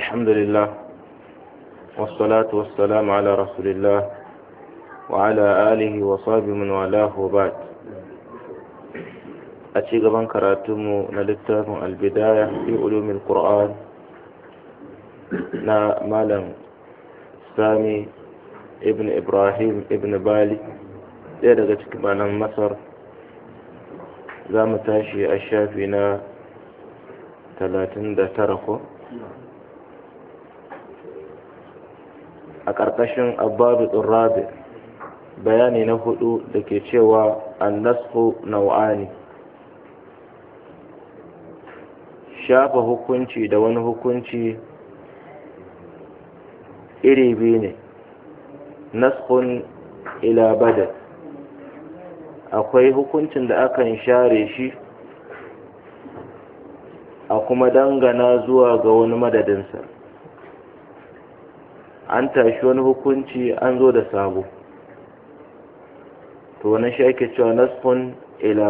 الحمد لله والصلاة والسلام على رسول الله وعلى آله وصحبه من والاه وبعد أتيق من كراتم نلتهم البداية في علوم القرآن نا مالم سامي ابن إبراهيم ابن بالي ɗaya daga cikin malam masar za mu tashi a shafi na 39 ko a ƙarƙashin ababu tsirrabi bayani na hudu da ke cewa annasku nau'ani shafa hukunci da wani hukunci iri biyu ne naskun ilabada akwai hukuncin da akan share shi a kuma dangana zuwa ga wani madadinsa an tashi wani hukunci an zo da sabo to wani shi ake cewa nasfun ila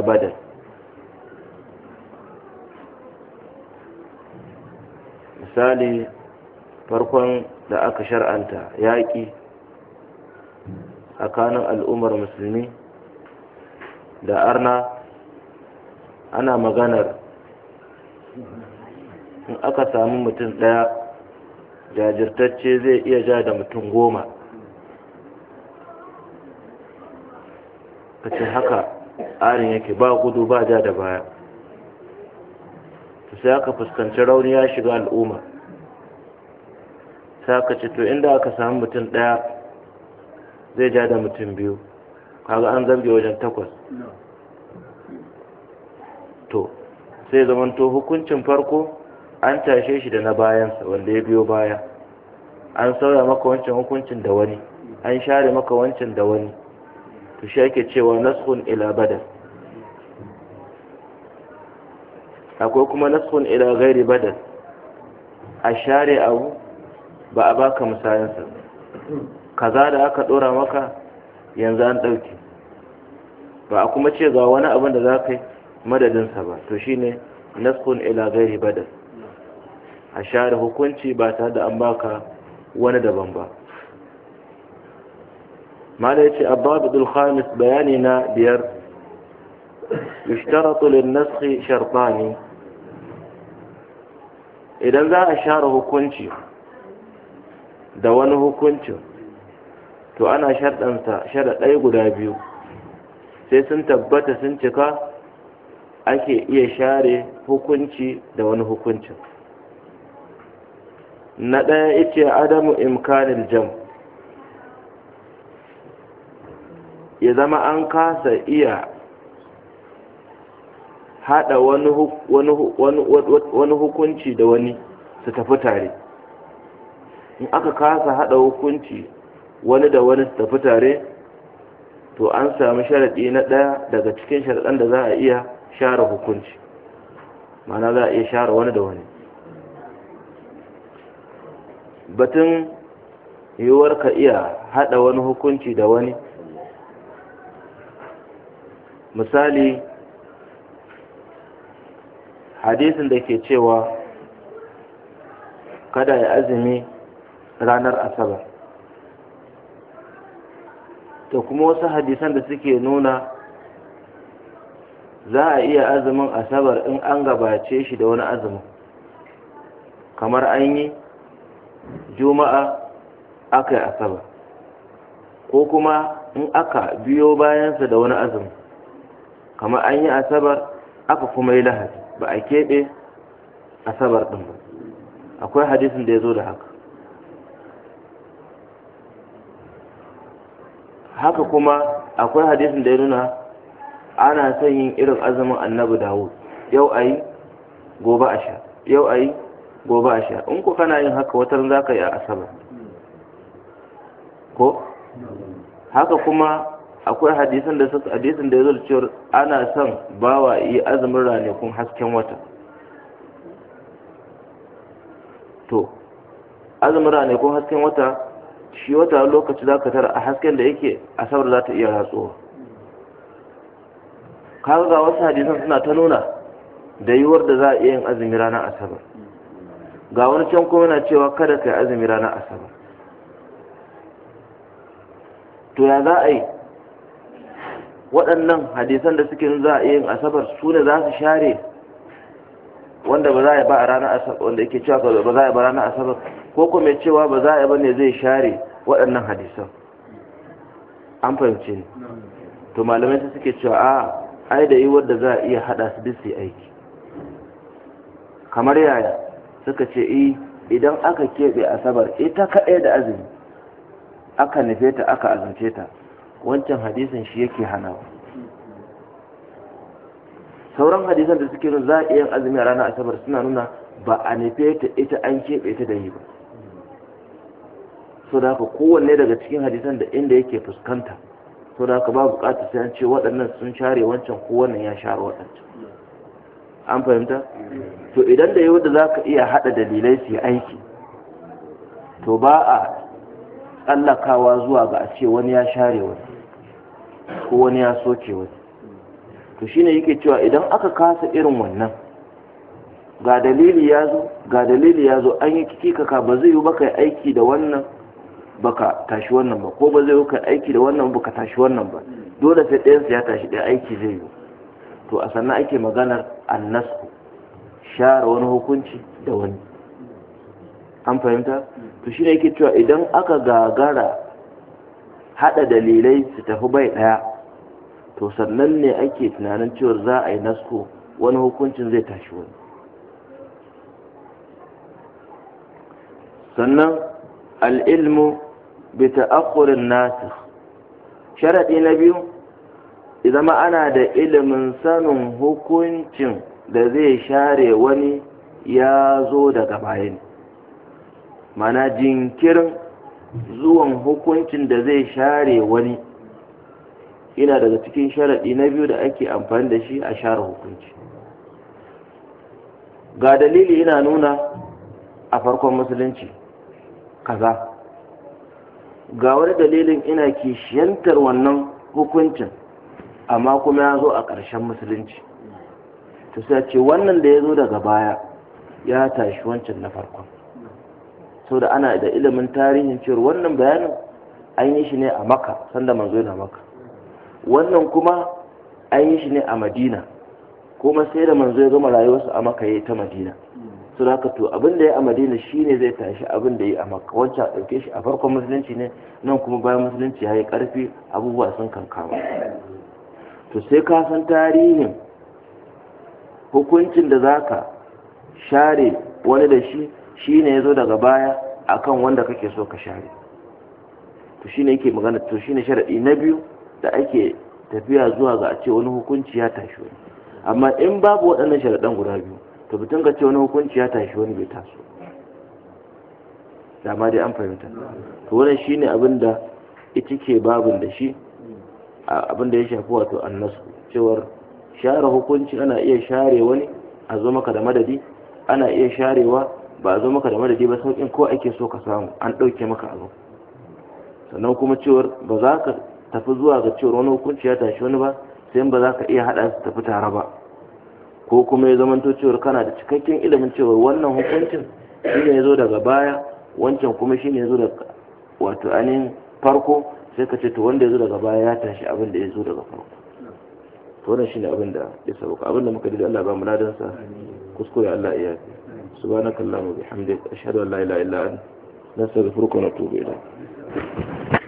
misali farkon da aka shar'anta yaƙi tsakanin al'ummar musulmi da arna ana maganar in aka samu mutum ɗaya jajirtacce zai iya ja da mutum goma ce haka arin yake ba gudu ba ja da baya Ta sai aka fuskanci rauni ya shiga al'umma sai aka ce to inda aka samu mutum ɗaya zai ja da mutum biyu kaga an zambi wajen takwas to sai zamanto hukuncin farko an tashe shi da na bayansa wanda ya biyo baya an sauya maka wancan hukuncin da wani an share maka wancan da wani to shi ake cewa naskun ila badal akwai kuma naskun ila gairi badal a share abu ba a baka sa kaza da aka dora maka yanzu an dauke ba a kuma ce ga wani abin da za ka yi madadinsa ba to shine naskun ila gairi badal a share hukunci ba tare da an baka wani daban ba mala yace dul khamis bayani na biyar yushtaratu lin nasxi shartan idan za a share hukunci da wani hukuncin to ana sharɗansa sharaɗai guda biyu sai sun tabbata sun cika ake iya share hukunci da wani hukuncin na ɗaya ita adamu imkanin jam ya zama an kasa iya haɗa wani hukunci da wani su tafi tare in aka kasa haɗa hukunci wani da wani su tafi tare to an sami sharaɗi na ɗaya daga cikin sharaɗan da za a iya share hukunci mana za a iya share wani da wani batun yiwuwar ka iya haɗa wani hukunci da wani misali hadisin da ke cewa kada ya azumi ranar asabar da kuma wasu hadisan da suke nuna za a iya azumin asabar in an gabace shi da wani azumin kamar an yi juma'a aka yi asaba ko kuma in aka biyo bayansa da wani azumi kamar an yi asabar aka kuma yi lahadi ba a keɓe asabar ɗin ba akwai hadisin da ya zo da haka haka kuma akwai hadisin da ya nuna ana son yin irin azumin annabi dawud yau a yi gobe a sha yau a yi gobe a sha in ku kana yin haka wata za ka yi a asabar ko haka kuma akwai hadisan da suka hadisin da ya zo cewar ana son bawa yi azumin ranakun hasken wata to azumin ranakun hasken wata shi wata lokaci za ka tara a hasken da yake asabar za ta iya ratsuwa kaga wasu hadisan suna ta nuna da yiwuwar da za a iya yin azumin ranar asabar ga wani can kuma yana cewa kada ka yi azumi ranar asabar to ya za a yi waɗannan hadisan da suke za a yin asabar su ne za su share wanda ba za a yi ba a ranar asabar wanda yake cewa ba za a yi ba ranar asabar ko kuma mai cewa ba za a yi ba ne zai share waɗannan hadisan an fahimci ne to malamai su suke cewa a ai da yi wadda za a iya haɗa su duk su aiki kamar yaya suka ce eh idan aka keɓe asabar ita kaɗai da azumi aka nufe ta aka azumce ta wancan hadisin shi yake hana sauran hadisan da suke nuna za a iya azumi a ranar asabar suna nuna ba a nufe ta ita an keɓe ta da yi ba so da haka kowanne daga cikin hadisan da inda yake fuskanta so da haka ba buƙatar sai an ce waɗannan sun share wancan ko wannan ya share waɗancan an fahimta to idan da yau da za ka iya haɗa dalilai su yi aiki to ba a tsallakawa zuwa ga a ce wani ya share wani ko wani ya soke wani to shine yake cewa idan aka kasa irin wannan ga dalili ya zo ga dalili ya zo an yi kikaka ba zai yi ba kai aiki da wannan baka tashi wannan ba ko ba zai yi kai aiki da wannan baka tashi wannan ba dole sai ɗayansu ya tashi ɗaya aiki zai yi to a sannan ake maganar annasu share wani hukunci da wani an fahimta to shi ne yake cewa idan aka gagara hada dalilai su tafi bai daya to sannan ne ake tunanin cewa za a yi nasko wani hukuncin zai tashi wani sannan al'ilmu bi ta'akkurin nasikh sharaɗi na biyu zama ana da ilimin sanin hukuncin da zai share wani ya zo daga bayan mana jinkirin zuwan hukuncin da zai share wani ina daga cikin sharaɗi na biyu da ake amfani da shi a share hukunci ga dalili ina nuna a farkon musulunci kaza ga wani dalilin ina kishiyantar wannan hukuncin amma kuma ya zo a ƙarshen musulunci ta sa ce wannan da ya zo daga baya ya tashi wancan na farkon da ana da ilimin tarihin cewar wannan bayanin an yi shi ne a maka sanda manzo yana maka wannan kuma an yi shi ne a madina kuma sai da manzo ya gama rayuwarsa a maka ya yi ta madina su haka to abin da ya a madina ne zai tashi abin da ya a maka wancan ɗauke shi a farkon musulunci ne nan kuma bayan musulunci ya yi ƙarfi abubuwa sun kankama to sai ka san tarihin hukuncin da zaka share wani da shi shi ya yazo daga baya akan wanda kake so ka share to shi ne yake magana to shi ne sharadi na biyu da ake tafiya zuwa ga a ce wani hukunci ya tashi wani amma in babu waɗannan sharaɗan guda biyu to mutum ka ce wani hukunci ya tashi wani bai taso dama dai an fahimta to wannan shine abin da ita ke babin da shi abin da ya shafi wato annasu cewar share hukunci ana iya share wani a zo maka da madadi ana iya sharewa ba a zo maka da madadi ba sauƙin ko ake so ka samu an ɗauke maka abu sannan kuma cewar ba za ka tafi zuwa ga cewar wani hukunci ya tashi wani ba sai ba za ka iya haɗa su tafi tare ba ko kuma ya zamanto cewar kana da cikakken ilimin cewar wannan hukuncin shine ya zo daga baya wancan kuma shine ya zo daga wato farko sai ka ce to wanda ya zo daga baya ya tashi abin da ya zo daga farko to wannan shine abin da ya ka abin da muka dida Allah ba mu ladan sa kuskure Allah ya yi subhanakallahumma bihamdika ashhadu an la ilaha illa anta nastaghfiruka wa natubu ilayk